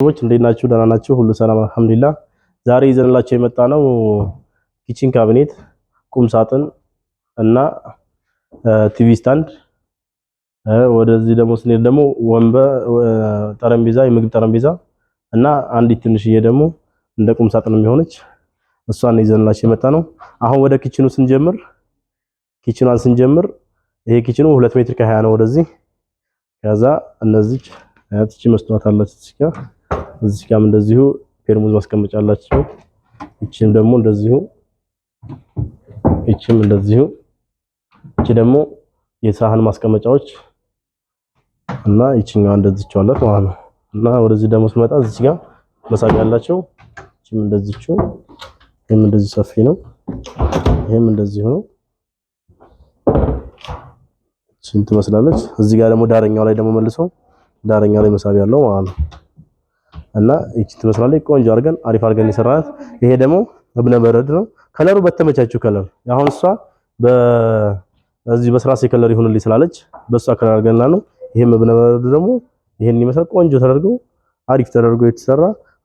ሰዎች እንዴት ናችሁ? ደህና ናችሁ? ሁሉ ሰላም አልሐምዱሊላህ። ዛሬ ይዘንላችሁ የመጣ ነው ኪችን ካቢኔት፣ ቁም ሳጥን እና ቲቪ ስታንድ። ወደዚህ ደግሞ ስንሄድ ደግሞ ወንበር፣ ጠረጴዛ፣ የምግብ ጠረጴዛ እና አንዲት ትንሽዬ ደግሞ እንደ ቁም ሳጥን የሚሆነች እሷን ይዘንላችሁ የመጣ ነው። አሁን ወደ ኪችኑ ስንጀምር ኪችኗን ስንጀምር ይሄ ኪችኑ ሁለት ሜትር ከሀያ ነው ወደዚህ ከዛ እነዚህ ያቺ መስታወት አለች እዚህ ጋም እንደዚሁ ፌርሙዝ ማስቀመጫ አላቸው። እቺም ደግሞ እንደዚሁ እቺም እንደዚሁ እቺ ደግሞ የሳህን ማስቀመጫዎች እና ይችኛዋ እንደዚች አላት ማለት ነው። እና ወደዚህ ደግሞ ስመጣ እዚህ ጋር መሳቢያ አላቸው። እቺም እንደዚቹ ይሄም እንደዚህ ሰፊ ነው። ይሄም እንደዚሁ ነው። እቺን ትመስላለች። እዚህ ጋር ደግሞ ዳረኛው ላይ ደግሞ መልሶ ዳረኛው ላይ መሳቢያ አለው ማለት ነው። እና እቺ ትመስላለች። ቆንጆ አድርገን አሪፍ አድርገን የሰራት። ይሄ ደግሞ እብነ በረድ ነው ከለሩ በተመቻችሁ ከለር። አሁን እሷ በዚህ በስላሴ ከለር ይሁንልኝ ስላለች በሷ ከለር አድርገና ነው። ይሄም እብነ በረድ ደግሞ ይሄን ይመስላል። ቆንጆ ተደርጎ አሪፍ ተደርጎ የተሰራ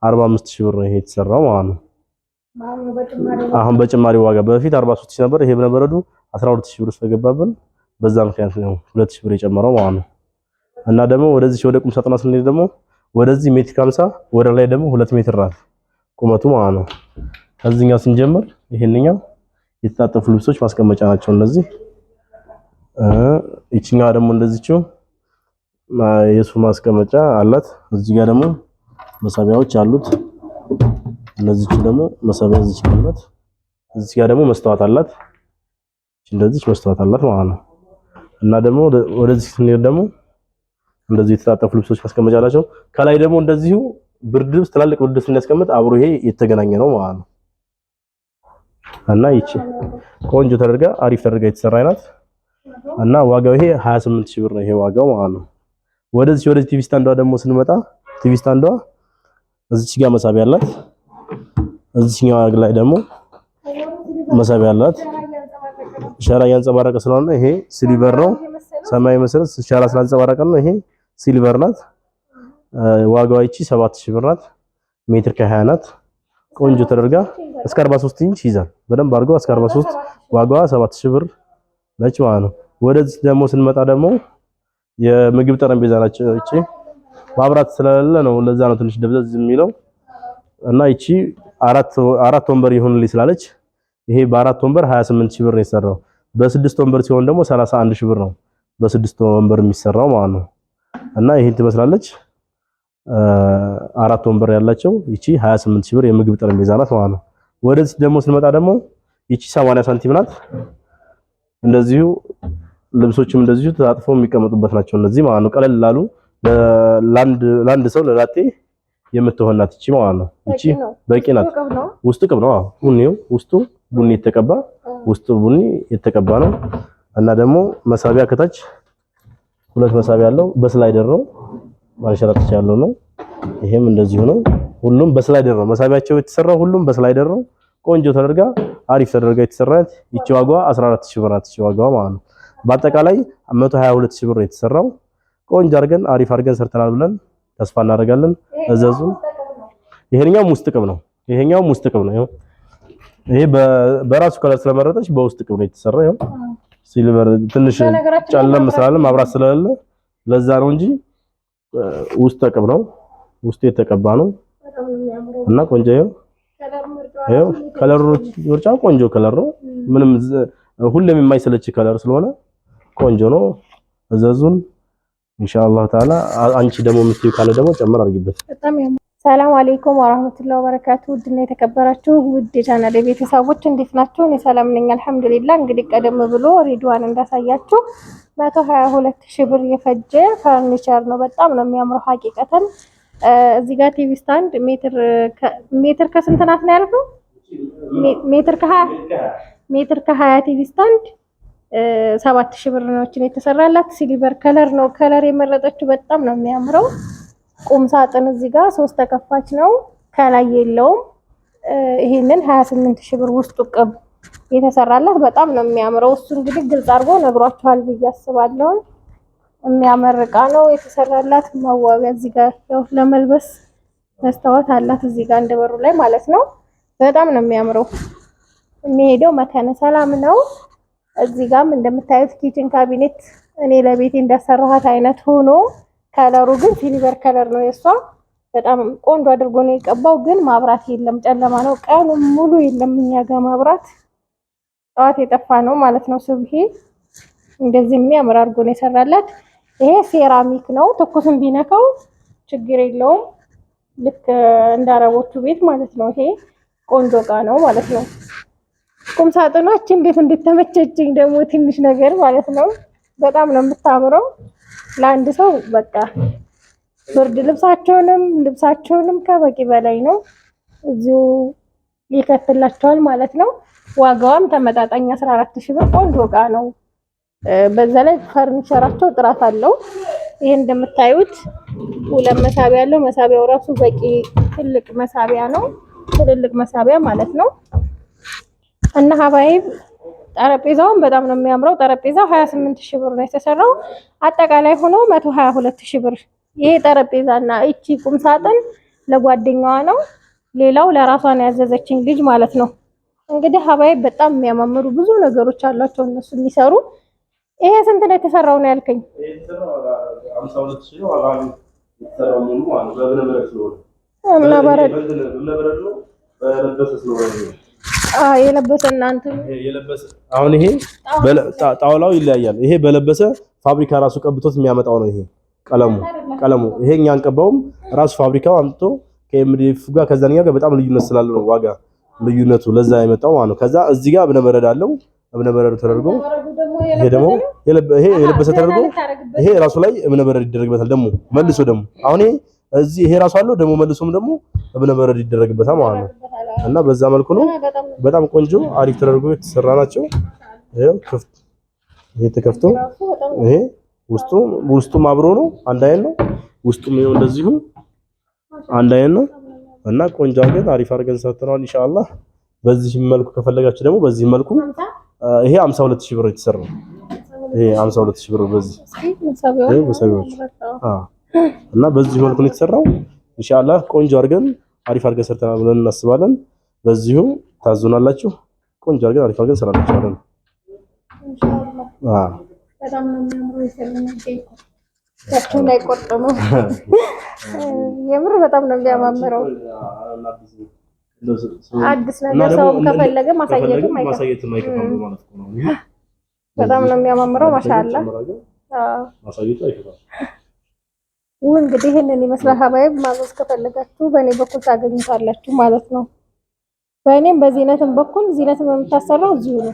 45000 ብር ነው ይሄ የተሰራው ማለት ነው። አሁን በጭማሪ ዋጋ በፊት 43000 ነበር። ይሄ እብነ 12000 ብር ስለገባብን በዛ ምክንያት ነው 2000 ብር የጨመረው ማለት ነው። እና ደግሞ ወደዚህ ወደ ቁም ሳጥኗ ስንሄድ ደግሞ ወደዚህ ሜትር 50 ወደ ላይ ደግሞ ሁለት ሜትር ራፍ ቁመቱ ማለት ነው። ከዚህኛው ስንጀምር ይሄንኛው የተጣጠፉ ልብሶች ማስቀመጫ ናቸው እነዚህ። ይችኛዋ ደግሞ እንደዚችው የሱ ማስቀመጫ አላት። እዚህ ጋር ደግሞ መሳቢያዎች አሉት። እነዚህች ደግሞ መሳቢያ እዚች አላት። እዚህ ጋር ደግሞ መስተዋት አላት። እንደዚች መስተዋት አላት ማለት ነው። እና ደግሞ ወደዚህ ስንሄድ ደግሞ እንደዚህ የተጣጠፉ ልብሶች ማስቀመጫ አላቸው። ከላይ ደግሞ እንደዚሁ ብርድ ልብስ ትላልቅ ብርድ ልብስ የሚያስቀምጥ አብሮ ይሄ የተገናኘ ነው ማለት ነው። እና ይቺ ቆንጆ ተደርጋ አሪፍ ተደርጋ የተሰራ አይናት እና ዋጋው ይሄ ሺህ ብር ነው። ይሄ ዋጋው ማለት ነው። ወደዚህ ወደዚህ ቲቪ ስታንዷ ደግሞ ስንመጣ ቲቪ ስታንዷ እዚች ጋር መሳቢያ አላት። እዚችኛው ላይ ደግሞ መሳቢያ አላት። ሸራ እያንጸባረቀ ስለሆነ ይሄ ስሊበር ነው። ሰማያዊ መሰረት ሸራ ስላንጸባረቀ ነው ይሄ ሲልቨር ናት። ዋጋዋ ይቺ 7000 ብር ናት። ሜትር ከ20 ናት። ቆንጆ ተደርጋ እስከ 43 ኢንች ይዛል። በደንብ አድርገው እስከ 43 ዋጋዋ 7000 ብር ነች ማለት ነው። ወደዚህ ደግሞ ስንመጣ ደግሞ የምግብ ጠረጴዛ ናቸው። እቺ ማብራት ስለሌለ ነው፣ ለዛ ነው ትንሽ ደብዘዝ የሚለው እና እቺ አራት አራት ወንበር ይሁንልኝ ስላለች ይሄ በአራት ወንበር 28 ሺህ ብር ነው የሰራው። በስድስት ወንበር ሲሆን ደግሞ 31 ሺህ ብር ነው በስድስት ወንበር የሚሰራው ማለት ነው። እና ይሄን ትመስላለች። አራት ወንበር ያላቸው ይቺ 28 ሺህ ብር የምግብ ጠረጴዛ ናት ማለት ነው። ወደዚህ ደግሞ ስንመጣ ደግሞ ይቺ 80 ሳንቲም ናት። እንደዚሁ ልብሶችም እንደዚሁ ተጣጥፈው የሚቀመጡበት ናቸው። እነዚህ ማለት ነው ቀለል ላሉ ለአንድ ሰው ለላጤ የምትሆን ናት ይቺ ማለት ነው። ይቺ በቂ ናት። ውስጡ ቅብ ነው። ቡኒው ውስጡ ቡኒ የተቀባ ውስጡ ቡኒ የተቀባ ነው እና ደግሞ መሳቢያ ከታች ሁለት መሳብ ያለው በስላይደር ነው ማንሸራተቻ ያለው ነው። ይሄም እንደዚሁ ነው። ሁሉም በስላይደር ነው መሳቢያቸው የተሰራው ሁሉም በስላይደር ነው። ቆንጆ ተደርጋ አሪፍ ተደርጋ የተሰራች ይቺ ዋጋዋ 14000 ብር አትቺ ዋጋዋ ማለት ነው። በአጠቃላይ 122000 ብር የተሰራው ቆንጆ አድርገን አሪፍ አድርገን ሰርተናል ብለን ተስፋ እናደርጋለን። እዘዙ። ይሄኛው ውስጥ ቅብ ነው። ይሄኛው ውስጥ ቅብ ነው። ይሄ በራሱ ከለር ስለመረጠች በውስጥ ቅብ ነው የተሰራው። ሲልቨር ትንሽ ጨለም ስላለ ማብራት ስለሌለ ለዛ ነው እንጂ ውስጥ ተቀብ ነው ውስጥ የተቀባ ነው እና ቆንጆ ነው። ይኸው ከለሩ ምርጫ ቆንጆ ከለር ነው። ምንም ሁሌም የማይሰለች ከለር ስለሆነ ቆንጆ ነው። እዘዙን ኢንሻአላህ ተዓላ። አንቺ ደግሞ የምትይው ካለ ደግሞ ጨምር አድርጊበት። ሰላም አለይኩም ወራህመቱላሂ ወበረካቱ። ውድና የተከበራችሁ ውድ የቻናል ቤተሰቦች እንዴት ናችሁ? እኔ ሰላም ነኝ አልሐምዱሊላህ። እንግዲህ ቀደም ብሎ ሪድዋን እንዳሳያችሁ 122 ሀያ ሺህ ብር የፈጀ ፈርኒቸር ነው። በጣም ነው የሚያምረው ሀቂቀተን። እዚህ ጋር ቲቪ ስታንድ ሜትር ሜትር ከስንት ናት ነው ያልኩ? ሜትር ከ20 ሜትር ከ20 ቲቪ ስታንድ ሰባት ሺህ ብር ነው የተሰራላት። ሲሊቨር ከለር ነው ከለር የመረጠችው። በጣም ነው የሚያምረው ቁም ሳጥን እዚህ ጋር ሶስት ተከፋች ነው፣ ከላይ የለውም። ይሄንን 28 ሺህ ብር ውስጡ ቅብ የተሰራላት በጣም ነው የሚያምረው። እሱ እንግዲህ ግልጽ አድርጎ ነግሯችኋል ብዬ አስባለሁ። የሚያምር እቃ ነው የተሰራላት። መዋቢያ እዚህ ጋር ያው ለመልበስ መስታወት አላት እዚህ ጋር እንደበሩ ላይ ማለት ነው። በጣም ነው የሚያምረው። የሚሄደው መካነ ሰላም ነው። እዚህ ጋም እንደምታዩት ኪችን ካቢኔት እኔ ለቤቴ እንዳሰራኋት አይነት ሆኖ ከለሩ ግን ሲሊቨር ከለር ነው የእሷ። በጣም ቆንጆ አድርጎ ነው የቀባው። ግን ማብራት የለም፣ ጨለማ ነው። ቀኑ ሙሉ የለም እኛ ጋር ማብራት፣ ጠዋት የጠፋ ነው ማለት ነው። ስብሄ እንደዚህ የሚያምር አድርጎ ነው የሰራላት። ይሄ ሴራሚክ ነው፣ ትኩስም ቢነካው ችግር የለውም። ልክ እንደ አረቦቹ ቤት ማለት ነው። ይሄ ቆንጆ እቃ ነው ማለት ነው። ቁም እንዴት እንደተመቸችኝ ደግሞ ትንሽ ነገር ማለት ነው። በጣም ነው የምታምረው። ለአንድ ሰው በቃ ብርድ ልብሳቸውንም ልብሳቸውንም ከበቂ በላይ ነው። እዚሁ ይከፍላቸዋል ማለት ነው። ዋጋዋም ተመጣጣኝ 14 ሺህ ብር ቆንጆ እቃ ነው። በዛ ላይ ፈርኒቸራቸው ጥራት አለው። ይሄ እንደምታዩት ሁለት መሳቢያ አለው። መሳቢያው ራሱ በቂ ትልቅ መሳቢያ ነው። ትልልቅ መሳቢያ ማለት ነው እና ሀባይብ ጠረጴዛውን በጣም ነው የሚያምረው። ጠረጴዛው 28 ሺህ ብር ነው የተሰራው። አጠቃላይ ሆኖ 122 ሺህ ብር። ይሄ ጠረጴዛና እቺ ቁም ሳጥን ለጓደኛዋ ነው፣ ሌላው ለራሷ ነው ያዘዘችኝ ልጅ ማለት ነው። እንግዲህ ሀባይ በጣም የሚያማምሩ ብዙ ነገሮች አሏቸው እነሱ የሚሰሩ። ይሄ ስንት ነው የተሰራው ነው ያልከኝ? እብነበረድ የለበሰ አሁን ይሄ ጣውላው ይለያያል። ይሄ በለበሰ ፋብሪካ ራሱ ቀብቶት የሚያመጣው ነው። ይሄ ቀለሙ ቀለሙ ይሄ እኛ አንቀባውም፣ ራሱ ፋብሪካው አምጥቶ ከኤምዲኤፍ ጋር ከዛኛ ጋር በጣም ልዩነት ስላለው ነው ዋጋ ልዩነቱ ለዛ የመጣው ማለት ነው። ከዛ እዚህ ጋር እብነበረድ አለው እብነበረዱ ተደርጎ ይሄ ደግሞ ይሄ የለበሰ ተደርጎ ይሄ ራሱ ላይ እብነበረድ ይደረግበታል። ደግሞ መልሶ ደግሞ አሁን ይሄ እዚህ ይሄ ራሱ አለው ደግሞ መልሶም ደግሞ እብነበረድ ይደረግበታል ማለት ነው። እና በዛ መልኩ ነው። በጣም ቆንጆ አሪፍ ተደርጎ የተሰራ ናቸው። ይሄ ተከፍቶ ይሄ ውስጡ ውስጡም አብሮ ነው፣ አንድ አይነት ነው። ውስጡም ይኸው እንደዚሁ አንድ አይነት ነው እና ቆንጆ አድርገን አሪፍ አድርገን ሰርተናል። ኢንሻአላህ በዚህ መልኩ ከፈለጋችሁ ደግሞ በዚህ መልኩ ይሄ 52000 ሺህ ብር የተሰራው ይሄ 52000 ብር በዚህ እና በዚህ መልኩ ነው የተሰራው። ኢንሻአላህ ቆንጆ አድርገን አሪፍ አድርገን ሰርተናል ብለን እናስባለን። በዚሁ ታዙናላችሁ። ቆንጆ አድርገን አሪፍ አድርገን ሰራናችኋለን። አዎ በጣም ነው የሚያምረው። የምር በጣም ነው የሚያማምረው። አዲስ ነገር ሰው ከፈለገ ማሳየትም አይከፋም ነው። በጣም ነው የሚያማምረው። ማሻአላ ማሳየቱ አይከፋም። እንግዲህ ይህንን ይመስላል ሀባይብ። ማዘዝ ከፈለጋችሁ በእኔ በኩል ታገኙታላችሁ ማለት ነው። በእኔም በዚነትም በኩል ዚነትም የምታሰራው እዚሁ ነው።